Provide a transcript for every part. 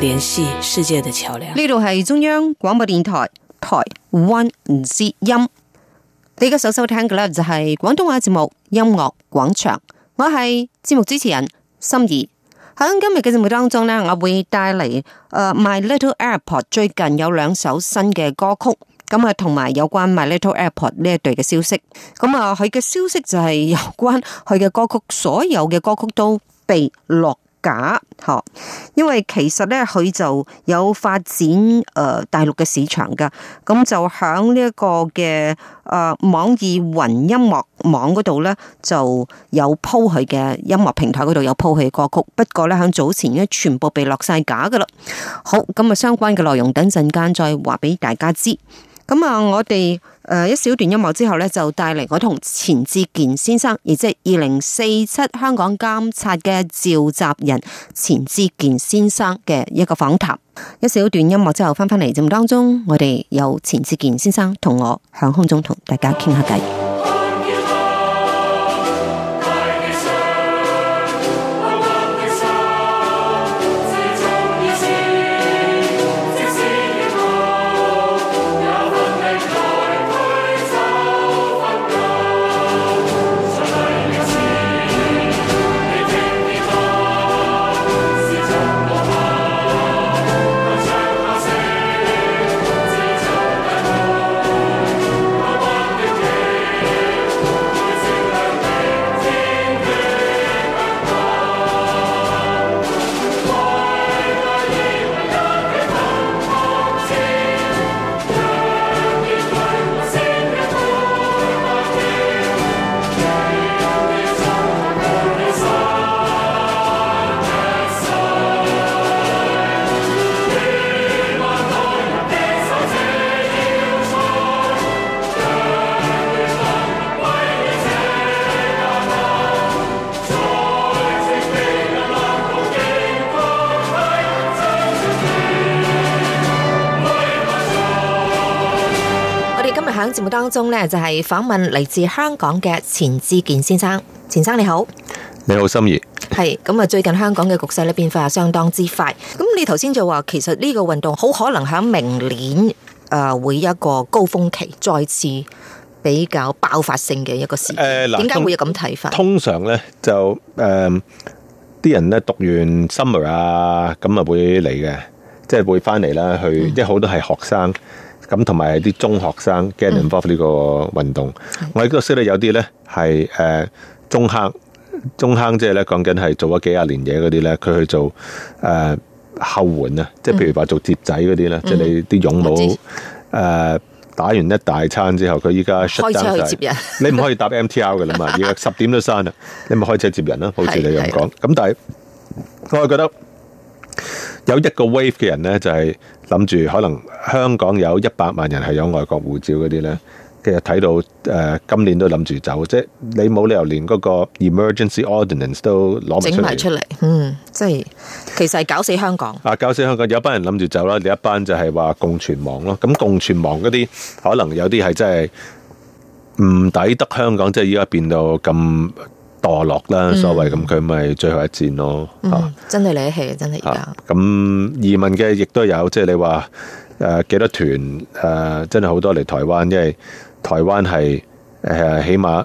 聯繫世界的橋樑。呢度係中央廣播電台台灣之音。你而家收收聽嘅咧就係廣東話節目《音樂廣場》，我係節目主持人心儀。喺今日嘅節目當中呢，我會帶嚟，誒、呃、My Little Airport 最近有兩首新嘅歌曲，咁啊同埋有關 My Little Airport 呢一隊嘅消息。咁啊佢嘅消息就係有關佢嘅歌曲，所有嘅歌曲都被落。假，因為其實咧佢就有發展誒、呃、大陸嘅市場噶，咁就響呢一個嘅誒、呃、網易雲音樂網嗰度咧就有鋪佢嘅音樂平台嗰度有鋪佢歌曲，不過咧響早前咧全部被落晒架噶啦。好，咁啊相關嘅內容等陣間再話俾大家知。咁啊，我哋。誒，一小段音樂之後咧，就帶嚟我同錢志健先生，亦即係二零四七香港監察嘅召集人錢志健先生嘅一個訪談。一小段音樂之後，翻返嚟節目當中，我哋有錢志健先生同我響空中同大家傾下偈。喺節目當中咧，就係、是、訪問嚟自香港嘅錢志健先生。錢生你好，你好心儀。係咁啊！最近香港嘅局勢咧變化相當之快。咁你頭先就話，其實呢個運動好可能喺明年誒、呃、會一個高峰期，再次比較爆發性嘅一個事件。點解、呃、會有咁睇法？通、通常咧就誒，啲、呃、人咧讀完 summer 啊，咁啊會嚟嘅，就是嗯、即係會翻嚟啦，去即係好多係學生。咁同埋啲中學生 get involved 呢個運動，我喺度識咧有啲咧係誒中坑、中坑，即係咧講緊係做咗幾廿年嘢嗰啲咧，佢去做誒後援啊，即係譬如話做接仔嗰啲咧，即係你啲勇武誒打完一大餐之後，佢依家開車去接人，你唔可以搭 MTR 嘅啦嘛，要十點都閂啦，你咪開車接人啦，好似你咁講。咁但係，我係覺得有一個 wave 嘅人咧，就係諗住可能香港有一百萬人係有外國護照嗰啲咧，其實睇到誒今年都諗住走，即係你冇理由連嗰個 emergency ordinance 都攞整埋出嚟，嗯，即係其實係搞死香港。啊，搞死香港有一班人諗住走啦，另一班就係話共存亡咯。咁共存亡嗰啲，可能有啲係真係唔抵得香港，即係而家變到咁。墮落啦，所謂咁佢咪最後一戰咯、嗯、真係你一氣真係而家。咁、啊、移民嘅亦都有，即係你話誒幾多團誒、呃，真係好多嚟台灣，因為台灣係誒、呃、起碼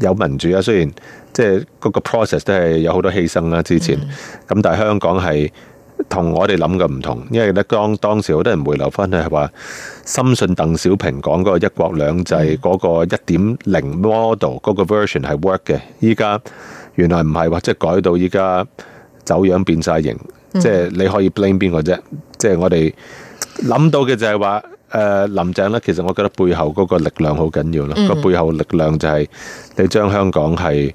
有民主啊。雖然即係嗰個 process 都係有好多犧牲啦、啊，之前咁、嗯、但係香港係。跟我同我哋諗嘅唔同，因為咧當當時好多人回流翻去係話，深信鄧小平講嗰個一國兩制嗰個一點零 model 嗰個 version 係 work 嘅，依家原來唔係話，即改到依家走樣變晒形，即係你可以 blame 邊個啫？即係我哋諗到嘅就係話，誒林鄭咧，其實我覺得背後嗰個力量好緊要啦，個背後力量就係你將香港係。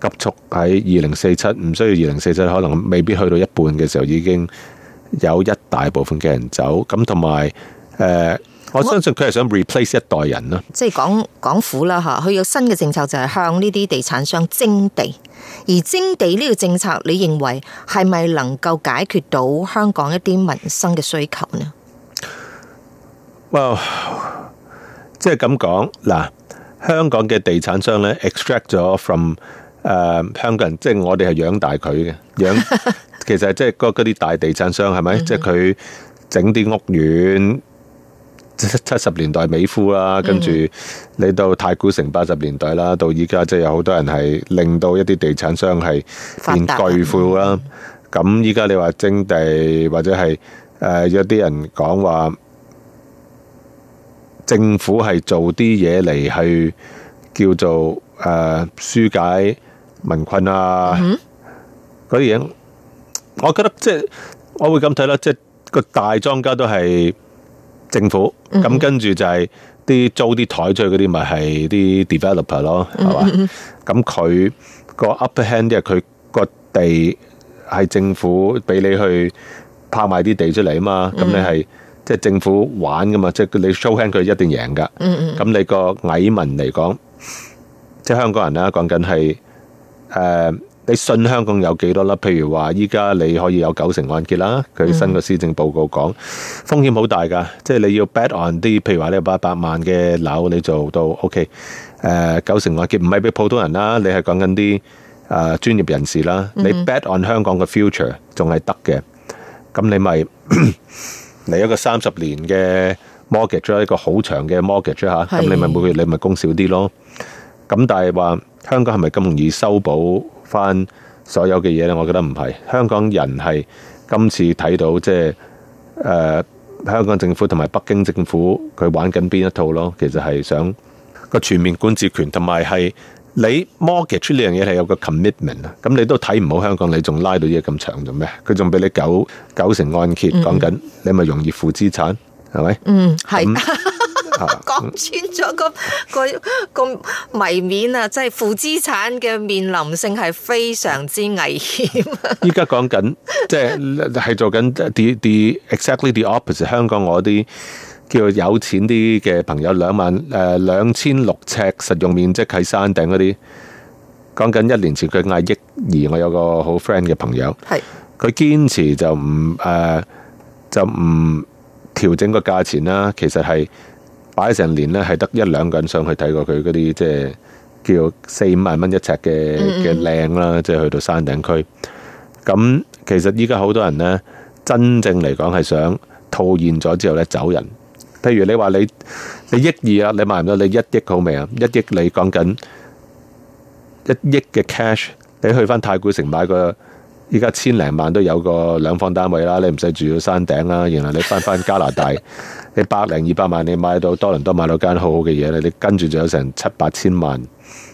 急速喺二零四七，唔需要二零四七，可能未必去到一半嘅時候，已經有一大部分嘅人走咁，同埋誒，我相信佢係想 replace 一代人咯，即係講港府啦吓。佢有新嘅政策就係向呢啲地產商徵地，而徵地呢個政策，你認為係咪能夠解決到香港一啲民生嘅需求呢？哇，well, 即係咁講嗱，香港嘅地產商咧 extract 咗 from。誒、uh, 香港人，即係我哋係養大佢嘅，養， 其實即係嗰啲大地產商係咪？Mm hmm. 即係佢整啲屋苑七十年代美富啦，跟住你到太古城八十年代啦，到依家即係有好多人係令到一啲地產商係變巨富啦。咁依家你話徵地或者係、uh, 有啲人講話政府係做啲嘢嚟去叫做誒疏、uh, 解。民困啊，嗰啲嘢，我覺得即係我會咁睇啦，即係個大莊家都係政府，咁跟住就係、是、啲租啲台出去嗰啲咪係啲 developer 咯，係、mm hmm. 嘛？咁佢個 upper hand 啲係佢個地係政府俾你去拍賣啲地出嚟啊嘛，咁你係即係政府玩噶嘛，即、就、係、是、你 show hand 佢一定贏噶，咁、mm hmm. 你個蟻民嚟講，即係香港人啦，講緊係。誒，uh, 你信香港有幾多粒？譬如話依家你可以有九成按揭啦，佢新嘅施政報告講，mm hmm. 風險好大噶，即係你要 bet on 啲，譬如話你有八百萬嘅樓，你做到 OK，誒、uh, 九成按揭，唔係俾普通人啦，你係講緊啲誒專業人士啦，mm hmm. 你 bet on 香港嘅 future 仲係得嘅，咁你咪嚟 一個三十年嘅 mortgage，一個好長嘅 mortgage 吓是，咁、啊、你咪每個月你咪供少啲咯。咁但係話香港係咪咁容易修補返所有嘅嘢呢？我覺得唔係。香港人係今次睇到即係、呃、香港政府同埋北京政府佢玩緊邊一套咯。其實係想個全面管治權，同埋係你 mortgage 出呢樣嘢係有個 commitment 啊。咁你都睇唔好香港你到，你仲拉到嘢咁長做咩？佢仲俾你九九成按揭，講緊你咪容易負資產係咪？嗯，係。講、啊、穿咗、個、個、個謎面啊，即係負資產嘅面臨性係非常之危險、啊。依家講緊，即係係做緊 the exactly the opposite。香港我啲叫有錢啲嘅朋友，兩萬誒兩千六尺實用面積喺山頂嗰啲，講緊一年前佢嗌億二，我有個好 friend 嘅朋友，係佢堅持就唔誒、uh, 就唔調整個價錢啦。其實係。擺成年咧，係得一兩個人上去睇過佢嗰啲，即係叫四五萬蚊一尺嘅嘅靚啦，即係去到山頂區。咁其實依家好多人呢，真正嚟講係想套現咗之後呢走人。譬如你話你你億二啊，你買唔到，你一億好未啊？一億你講緊一億嘅 cash，你去返太古城買個。依家千零萬都有個兩房單位啦，你唔使住到山頂啦。然後你翻翻加拿大， 你百零二百萬你買到多倫多買到間好好嘅嘢咧，你跟住就有成七八千萬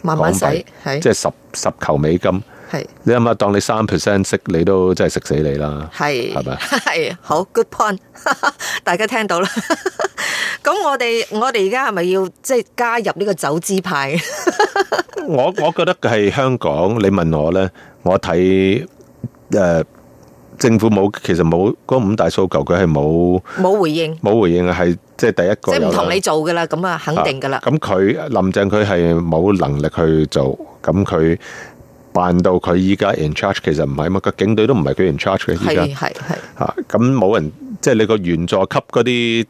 慢慢使，即係十十球美金。係是你諗下，當你三 percent 息，你都真係食死你啦。係係咪？係吧好 good point， 大家聽到啦。咁 我哋我哋而家係咪要即係、就是、加入呢個走資派？ 我我覺得係香港，你問我咧，我睇。誒、呃，政府冇，其實冇嗰、那個、五大訴求，佢係冇冇回應，冇回應啊！係即係第一個，即係唔同你做噶啦，咁啊，肯定噶啦。咁佢林鄭佢係冇能力去做，咁佢扮到佢依家 in charge，其實唔係嘛，個警隊都唔係佢 in charge 嘅。依家係係係啊，咁冇人，即、就、係、是、你個員佐級嗰啲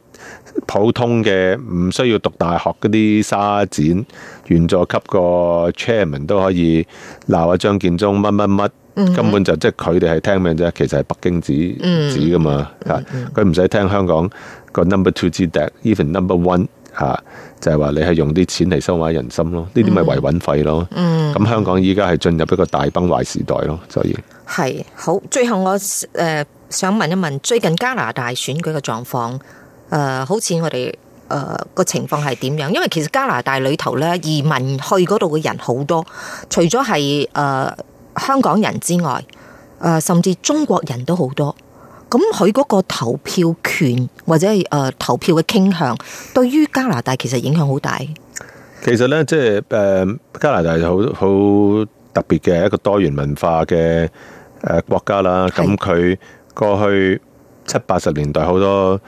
普通嘅，唔需要讀大學嗰啲沙展員佐級個 chairman 都可以鬧啊張建宗乜乜乜。根本就即係佢哋係聽命啫，其實係北京指指㗎嘛，嚇佢唔使聽香港個 number two deck，even number one 嚇，就係話你係用啲錢嚟收買人心咯，呢啲咪維穩費咯。咁、嗯嗯、香港依家係進入一個大崩壞時代咯，所以係好。最後我誒想問一問最近加拿大選舉嘅狀況，誒、呃、好似我哋誒個情況係點樣？因為其實加拿大裏頭咧移民去嗰度嘅人好多，除咗係誒。呃香港人之外、呃，甚至中國人都好多，咁佢嗰個投票權或者係、呃、投票嘅傾向，對於加拿大其實影響好大。其實咧，即係誒加拿大好好特別嘅一個多元文化嘅誒、呃、國家啦。咁佢是的 過去七八十年代好多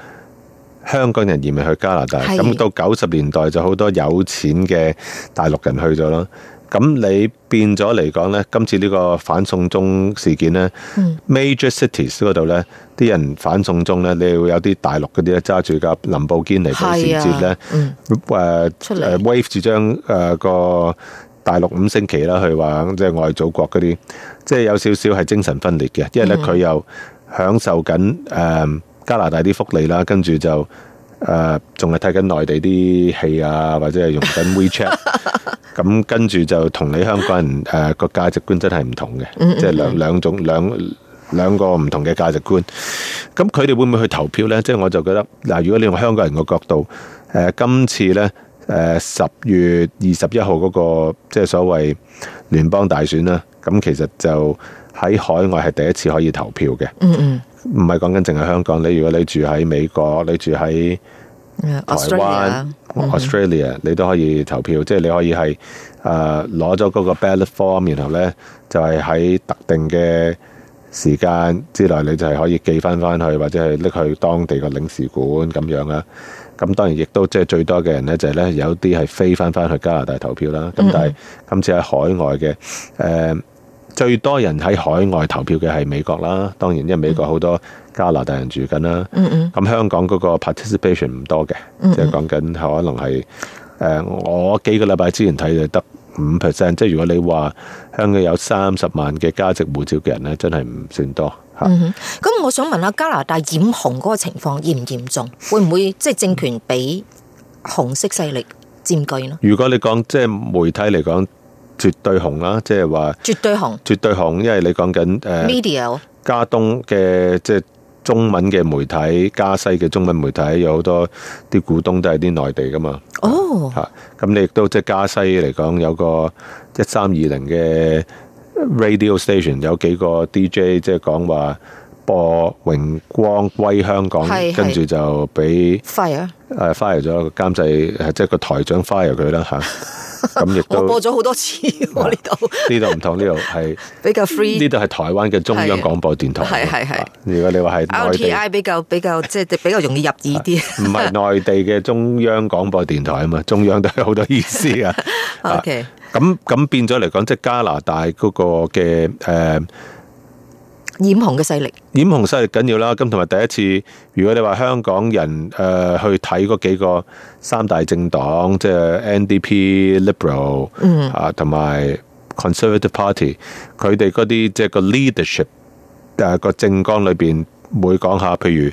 香港人移民去加拿大，咁是的 到九十年代就好多有錢嘅大陸人去咗啦。咁你變咗嚟講呢，今次呢個反送中事件呢、嗯、Major cities 嗰度呢啲人反送中呢，你會有啲大陸嗰啲咧揸住架林寶堅尼嚟示事咧，呢 wave 住張誒個大陸五星旗啦，去話即係愛祖國嗰啲，即、就、係、是、有少少係精神分裂嘅，因為呢，佢、嗯、又享受緊加拿大啲福利啦，跟住就。誒，仲係睇緊內地啲戲啊，或者係用緊 WeChat，咁 跟住就同你香港人誒個價值觀真係唔同嘅，即係兩兩種兩兩個唔同嘅價值觀。咁佢哋會唔會去投票呢？即係我就覺得嗱，呃，如果你用香港人嘅角度，呃，今次呢，誒十月二十一號嗰個即係所謂聯邦大選啦，啊，咁其實就喺海外係第一次可以投票嘅。嗯嗯。唔係講緊淨係香港，你如果你住喺美國，你住喺台灣、Australia，你都可以投票，即係、嗯、你可以係誒攞咗嗰個 ballot form，然後呢就係、是、喺特定嘅時間之內，你就係可以寄翻翻去，或者係拎去當地嘅領事館咁樣啦。咁當然亦都即係最多嘅人呢，就係、是、呢有啲係飛翻翻去加拿大投票啦。咁但係今次喺海外嘅誒。嗯呃最多人喺海外投票嘅係美國啦，當然因為美國好多加拿大人住緊啦。咁、mm hmm。香港嗰個 participation 唔多嘅，即係講緊可能係誒、呃，我幾個禮拜之前睇就得五 percent，即係如果你話香港有三十萬嘅加籍護照嘅人咧，真係唔算多吓。咁、mm hmm。我想問下加拿大染紅嗰個情況嚴唔嚴重？會唔會即係、就是、政權俾紅色勢力佔據咯？如果你講即係媒體嚟講。絕對紅啦，即係話絕對紅，絕對紅，因為你講緊 media，加東嘅即係中文嘅媒體，加西嘅中文媒體有好多啲股東都係啲內地噶嘛。哦，吓、啊，咁你亦都即係加西嚟講，有個一三二零嘅 radio station 有幾個 DJ 即係講話播榮光歸香港是是，跟住就俾 fire，誒、啊、fire 咗個監製，即係個台長 fire 佢啦吓。啊咁亦都我播咗好多次呢度呢度唔同呢度係比較 free 呢度係台灣嘅中央廣播電台係係係如果你話係內地比較比較即係、就是、比較容易入耳啲唔係內地嘅中央廣播電台啊嘛中央都有好多意思 okay. 啊 ok 咁咁變咗嚟講即係加拿大嗰個嘅誒。呃染紅嘅勢力，染紅勢力緊要啦。咁同埋第一次，如果你話香港人誒、呃、去睇嗰幾個三大政黨，即係 NDP、嗯、Liberal 啊，同埋 Conservative Party，佢哋嗰啲即係個 leadership 誒、啊、個政綱裏邊會講下，譬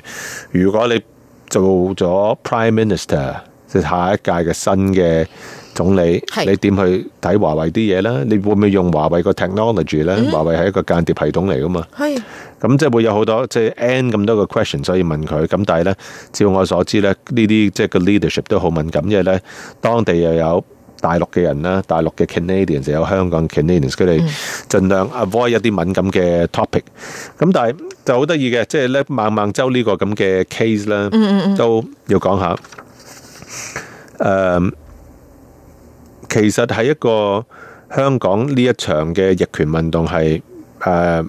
如如果你做咗 Prime Minister。即下一屆嘅新嘅總理，你點去睇華為啲嘢呢？你會唔會用華為個 technology 呢？嗯、華為係一個間諜系統嚟㗎嘛？係咁、嗯，即係會有好多即係、即係、N 咁多個 question，所以問佢。咁但係呢，照我所知呢，呢啲即係個 leadership 都好敏感嘅，因為呢當地又有大陸嘅人啦，大陸嘅 Canadians，又有香港 Canadians，佢哋盡量 avoid 一啲敏感嘅 topic。咁但係就好得意嘅，即係呢孟晚舟呢個咁嘅 case 呢，這這 case，都要講下。嗯嗯嗯誒，uh, 其實係一個香港呢一場嘅逆權運動係誒，uh,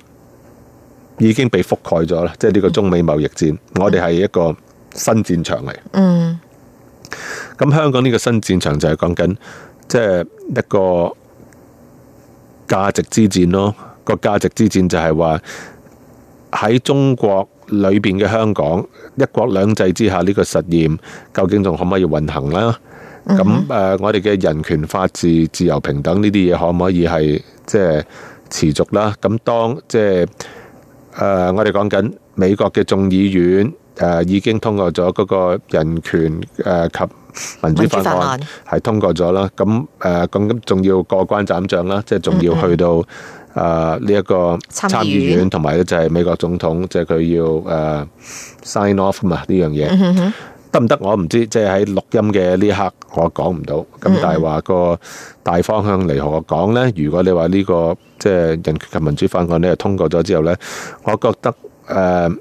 已經被覆蓋咗啦，即係呢個中美貿易戰，嗯、我哋係一個新戰場嚟。嗯，咁香港呢個新戰場就係講緊即係一個價值之戰咯，個價值之戰就係話喺中國。裏邊嘅香港一國兩制之下呢個實驗究竟仲可唔可以運行啦？咁誒、mm hmm. 呃，我哋嘅人權、法治、自由、平等呢啲嘢可唔可以係即係持續啦？咁當即係誒，我哋講緊美國嘅眾議院誒、呃、已經通過咗嗰個人權誒、呃、及民主法案係通過咗啦。咁誒咁咁，仲、呃、要過關斬將啦，即係仲要去到。誒呢一個參議院同埋咧就係美國總統，即係佢要誒、uh, sign off 嘛呢樣嘢，得唔得我唔知，即係喺錄音嘅呢一刻我講唔到，咁但係話個大方向嚟我講呢：如果你話呢、這個即係、就是、人權及民主法案咧通過咗之後呢，我覺得誒、uh,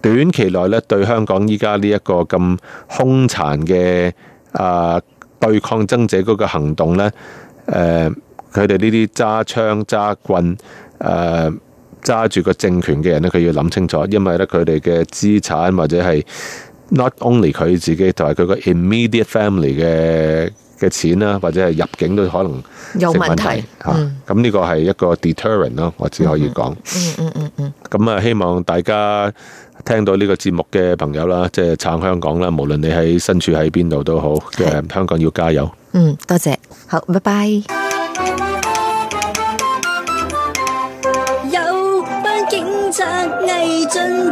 短期內咧對香港依家呢一個咁兇殘嘅誒、uh, 對抗爭者嗰個行動呢。誒、uh,。佢哋呢啲揸槍揸棍，誒揸住個政權嘅人咧，佢要諗清楚，因為咧佢哋嘅資產或者係 not only 佢自己，同埋佢個 immediate family 嘅嘅錢啦，或者係入境都可能問有問題。嚇，咁呢個係一個 deterrent 咯，我只可以講。嗯嗯嗯嗯。咁啊，希望大家聽到呢個節目嘅朋友啦，即係撐香港啦，無論你喺身處喺邊度都好，嘅是的 香港要加油。嗯，多謝，好，拜拜。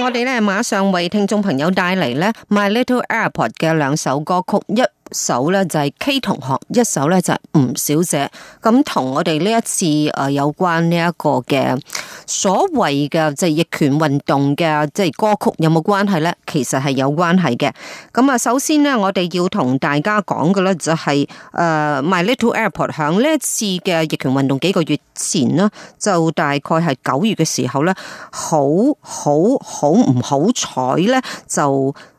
我哋咧馬上為聽眾朋友帶嚟咧 My Little Airport 嘅兩首歌曲一。首咧就係 K 同學，一首咧就係吳小姐，咁同我哋呢一次誒有關呢一個嘅所謂嘅即係逆權運動嘅即係歌曲有冇關係呢？其實係有關係嘅。咁啊，首先呢，我哋要同大家講嘅呢就係、是、誒、uh, My Little Airport。響呢一次嘅逆權運動幾個月前呢，就大概係九月嘅時候呢，好好好唔好彩呢就。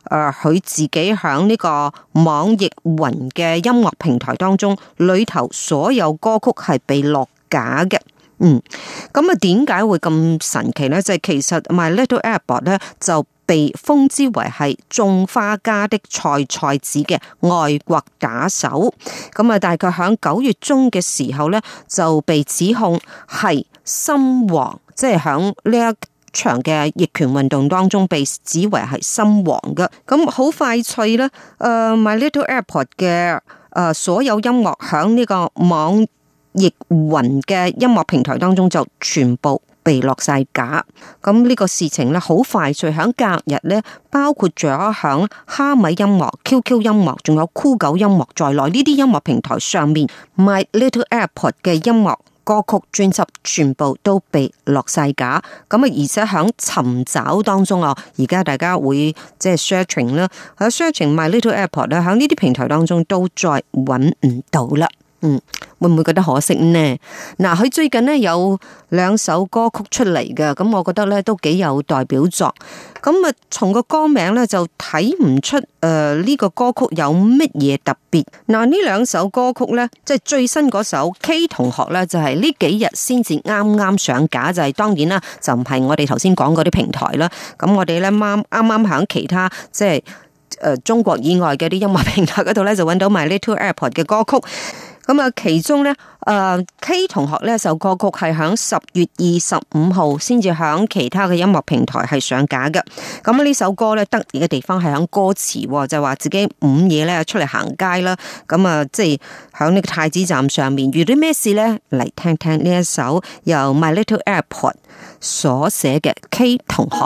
誒，佢，呃、自己喺呢個網易雲嘅音樂平台當中，裏頭所有歌曲係被落架嘅。嗯，咁啊，點解會咁神奇呢？就係、是、其實，My Little Airport 咧，就被封之為係種花家的菜菜子嘅外國打手。咁啊，大概喺九月中嘅時候呢，就被指控係心黃，即係喺呢一。場嘅逆權運動當中被指為係深黃嘅，咁好快脆咧。誒、呃、，My Little Airport 嘅誒、呃、所有音樂響呢個網易雲嘅音樂平台當中就全部被落晒架。咁呢個事情咧好快脆，響隔日咧，包括咗響蝦米音樂、QQ 音樂仲有酷狗音樂在內呢啲音樂平台上面，My Little Airport 嘅音樂。歌曲專輯全部都被落晒架，咁啊，而且響尋找當中啊，而家大家會即係 searching 啦，searching My little Airport 咧，喺呢啲平台當中都再揾唔到啦。嗯，會唔會覺得可惜呢？嗱、啊，佢最近呢有兩首歌曲出嚟嘅，咁我覺得咧都幾有代表作。咁啊，從個歌名咧就睇唔出誒呢個歌曲有乜嘢特別。嗱、啊，呢兩首歌曲咧，即、就、係、是、最新嗰首 K 同學咧，就係呢幾日先至啱啱上架，就係、是、當然啦，就唔係我哋頭先講嗰啲平台啦。咁我哋咧啱啱啱喺其他即係誒中國以外嘅啲音樂平台嗰度咧，就搵到埋 Little Airport 嘅歌曲。咁啊，其中咧，誒 K 同學咧首歌曲係喺十月二十五號先至喺其他嘅音樂平台係上架嘅。咁呢首歌咧得意嘅地方係喺歌詞，就係話自己午夜咧出嚟行街啦。咁啊，即係喺呢個太子站上面遇到咩事咧？嚟聽聽呢一首由 My Little Airport 所寫嘅 K 同學。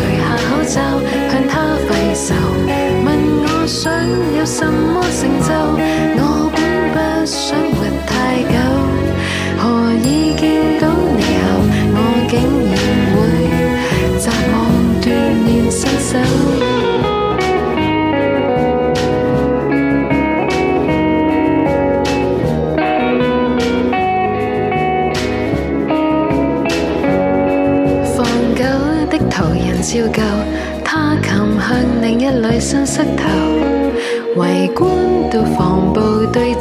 除下口罩，向他揮手，問我想有什麼？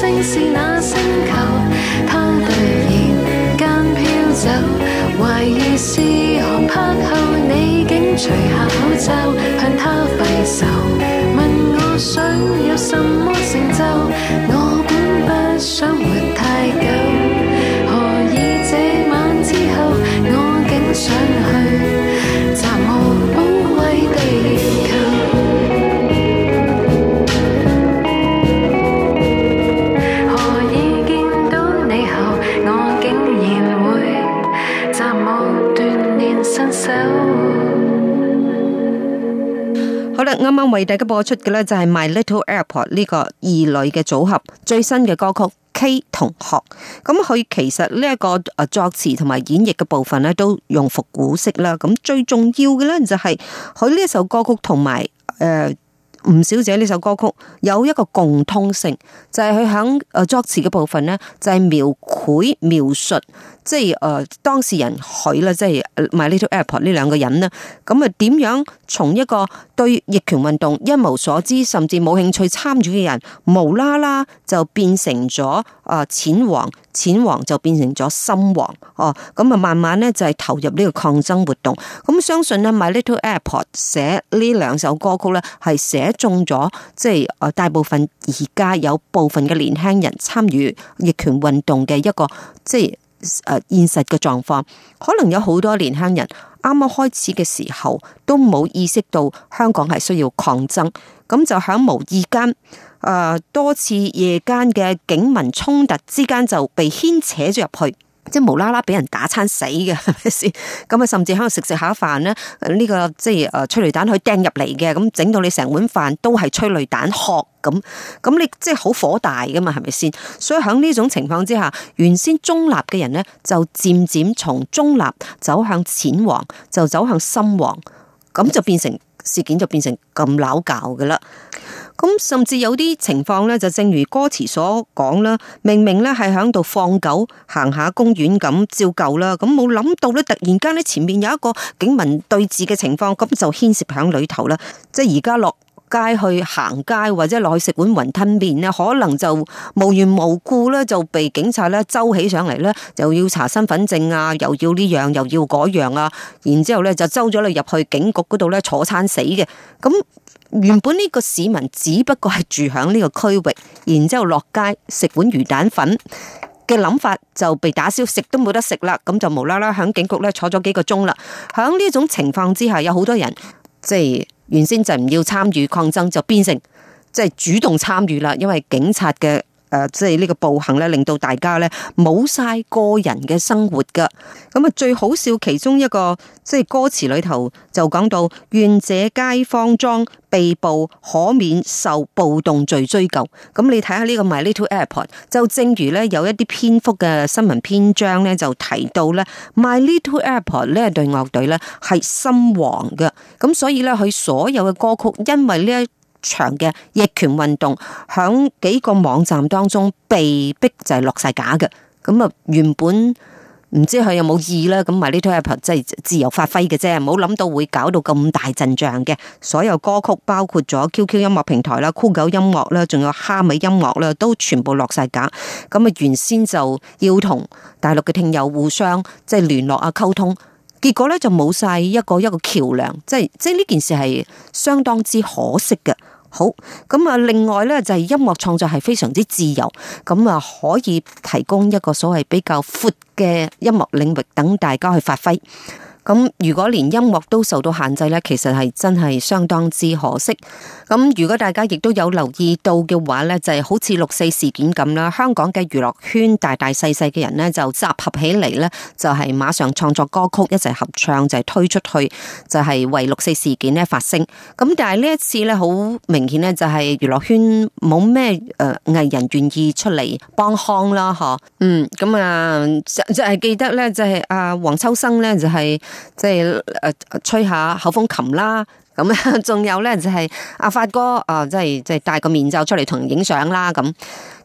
正是那星球，它突然間飄走。懷疑是寒拍後，你竟除下口罩向他揮手。問我想有什麼成就？我本不想活太久，何以這晚之後，我竟想去？好啦，啱啱為大家播出嘅咧就係 My Little Airport 呢個二女嘅組合最新嘅歌曲《K 同學》，咁佢其實呢一個誒作詞同埋演繹嘅部分咧都用復古式啦。咁最重要嘅咧就係佢呢首歌曲同埋誒吳小姐呢首歌曲有一個共通性，就係佢響誒作詞嘅部分咧就係描繪描述。即係誒、呃，當事人佢啦，即係 My Little Airport 呢兩個人咧，咁啊，點樣從一個對逆權運動一無所知，甚至冇興趣參與嘅人，無啦啦就變成咗啊淺黃，淺黃就變成咗深黃哦。咁啊，慢慢咧就係、是、投入呢個抗爭活動。咁相信咧，My Little Airport 寫呢兩首歌曲咧，係寫中咗，即係誒、呃，大部分而家有部分嘅年輕人參與逆權運動嘅一個即係。誒，現實嘅狀況可能有好多年輕人啱啱開始嘅時候，都冇意識到香港係需要抗爭，咁就喺無意間誒多次夜間嘅警民衝突之間，就被牽扯咗入去。即係無啦啦俾人打餐死嘅係咪先咁啊？甚至喺度食食下飯咧，呢個即係誒催淚彈去掟入嚟嘅，咁整到你成碗飯都係催淚彈殼咁，咁你即係好火大噶嘛？係咪先？所以喺呢種情況之下，原先中立嘅人咧就漸漸從中立走向淺黃，就走向深黃，咁就變成事件就變成咁拗教嘅啦。咁甚至有啲情況呢，就正如歌詞所講啦，明明呢係喺度放狗行下公園咁照舊啦，咁冇諗到呢，突然間呢前面有一個警民對峙嘅情況，咁就牽涉喺裏頭啦。即係而家落。街去行街或者落去食碗雲吞麵咧可能就無緣無故咧就被警察咧揪起上嚟咧，就要查身份證啊，又要呢樣又要嗰樣啊，然之後咧就揪咗你入去警局嗰度咧坐餐死嘅。咁原本呢個市民只不過係住響呢個區域，然之後落街食碗魚蛋粉嘅諗法就被打消，食都冇得食啦，咁就無啦啦響警局咧坐咗幾個鐘啦。響呢種情況之下，有好多人即係。就是原先就唔要參與抗爭，就變成即係、就是、主動參與啦，因為警察嘅。誒，即係呢個暴行咧，令到大家咧冇晒個人嘅生活噶。咁啊，最好笑其中一個，即係歌詞裏頭就講到，願者街坊裝被捕，可免受暴動罪追究。咁你睇下呢個 My Little Airport，就正如咧有一啲篇幅嘅新聞篇章咧，就提到咧 My Little Airport 呢一對樂隊咧係深黃嘅。咁所以咧，佢所有嘅歌曲因為呢一長嘅逆權運動響幾個網站當中被逼，就係落晒架嘅。咁啊原本唔知佢有冇意啦，咁埋呢套 app 即係自由發揮嘅啫，冇諗到會搞到咁大陣仗嘅。所有歌曲包括咗 QQ 音樂平台啦、酷狗音樂啦、仲有蝦米音樂啦，都全部落晒架。咁啊，原先就要同大陸嘅聽友互相即係聯絡啊溝通，結果咧，就冇晒一個一個橋梁，即係即係呢件事係相當之可惜嘅。好，咁啊，另外呢，就係音樂創作係非常之自由，咁啊可以提供一個所謂比較闊嘅音樂領域，等大家去發揮。咁如果連音樂都受到限制咧，其實係真係相當之可惜。咁如果大家亦都有留意到嘅話咧，就係好似六四事件咁啦，香港嘅娛樂圈大大細細嘅人咧就集合起嚟咧，就係馬上創作歌曲一齊合唱，就係推出去，就係為六四事件咧發聲。咁但係呢一次咧，好明顯咧就係娛樂圈冇咩誒藝人願意出嚟幫腔啦，嗬。嗯，咁啊就就係記得咧，就係阿黃秋生咧就係。即係誒，吹下口風琴啦，咁啊，仲有咧就係阿發哥，啊，即係即係戴個面罩出嚟同人影相啦，咁，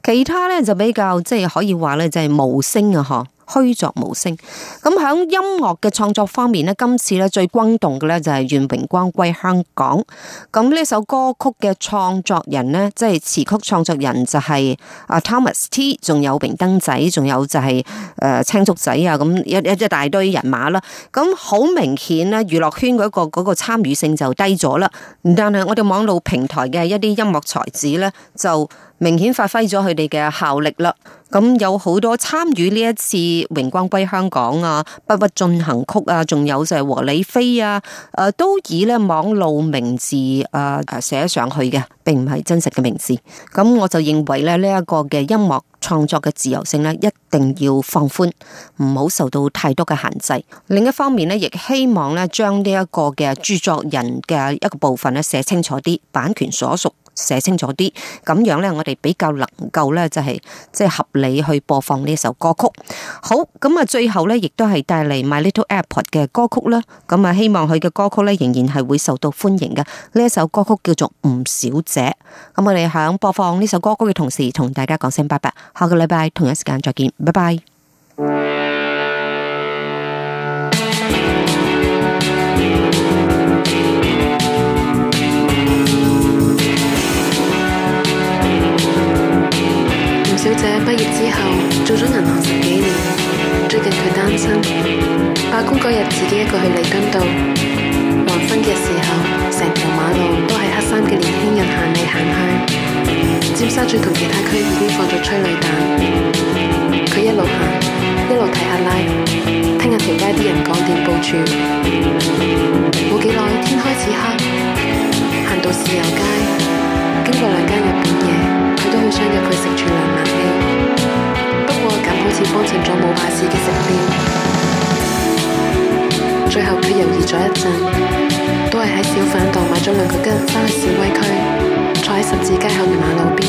其他咧就比較即係可以話咧，就係無聲啊，嗬。虛作無聲，咁響音樂嘅創作方面呢，今次咧最轟動嘅咧就係願榮光歸香港，咁呢首歌曲嘅創作人呢，即係詞曲創作人就係 Thomas T，仲有榮登仔，仲有就係誒青竹仔啊，咁一一大堆人馬啦，咁好明顯呢娛樂圈嗰個嗰個參與性就低咗啦，但係我哋網絡平台嘅一啲音樂才子呢，就。明顯發揮咗佢哋嘅效力啦，咁有好多參與呢一次榮光歸香港啊、不屈進行曲啊，仲有就係、是、和理非啊，誒都以呢網路名字誒、啊、寫上去嘅，並唔係真實嘅名字。咁我就認為咧呢一、這個嘅音樂創作嘅自由性呢，一定要放寬，唔好受到太多嘅限制。另一方面呢，亦希望呢將呢一個嘅著作權嘅一個部分呢，寫清楚啲，版權所屬。寫清楚啲，咁樣咧，我哋比較能夠咧，就係即係合理去播放呢一首歌曲。好，咁啊，最後咧，亦都係帶嚟 My Little Airport 嘅歌曲啦。咁啊，希望佢嘅歌曲咧，仍然係會受到歡迎嘅。呢一首歌曲叫做吳小姐。咁我哋響播放呢首歌曲嘅同時，同大家講聲拜拜。下個禮拜同樣時間再見，拜拜。姐畢業之後做咗銀行十幾年，最近佢單身，罷工嗰日自己一個去彌敦道，黃昏嘅時候，成條馬路都係黑衫嘅年輕人行嚟行去。尖沙咀同其他區域已經放咗催淚彈，佢一路行，一路睇下拉，聽日條街啲人講點部署。冇幾耐天開始黑，行到豉油街，經過兩間日本嘢。都好想入佢食全冷冷，不過咁好似幫襯咗冇大事嘅食店。最後佢猶豫咗一陣，都係喺小販檔買咗兩個雞，翻去示威區，坐喺十字街口嘅馬路邊，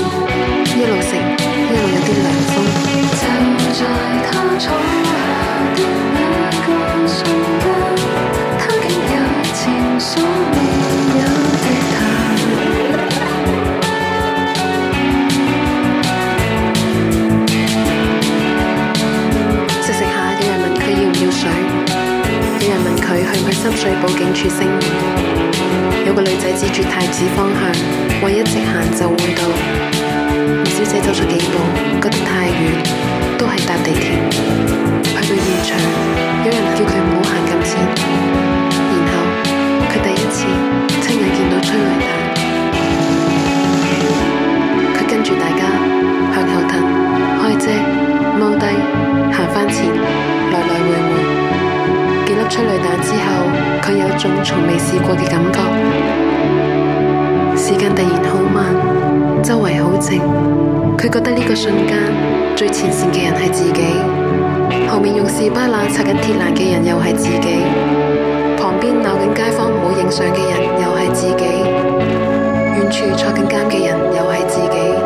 一路食，一路有啲涼風。就在他坐下的那個瞬間，他竟有情，所未有。有個女仔指住太子方向，話一直行就會到。吳小姐走咗幾步，從未試過嘅感覺，時間突然好慢，周圍好靜。佢覺得呢個瞬間，最前綫嘅人係自己，後面用士巴拿擦緊鐵欄嘅人又係自己，旁邊鬧緊街坊唔好影相嘅人又係自己，遠處坐緊監嘅人又係自己。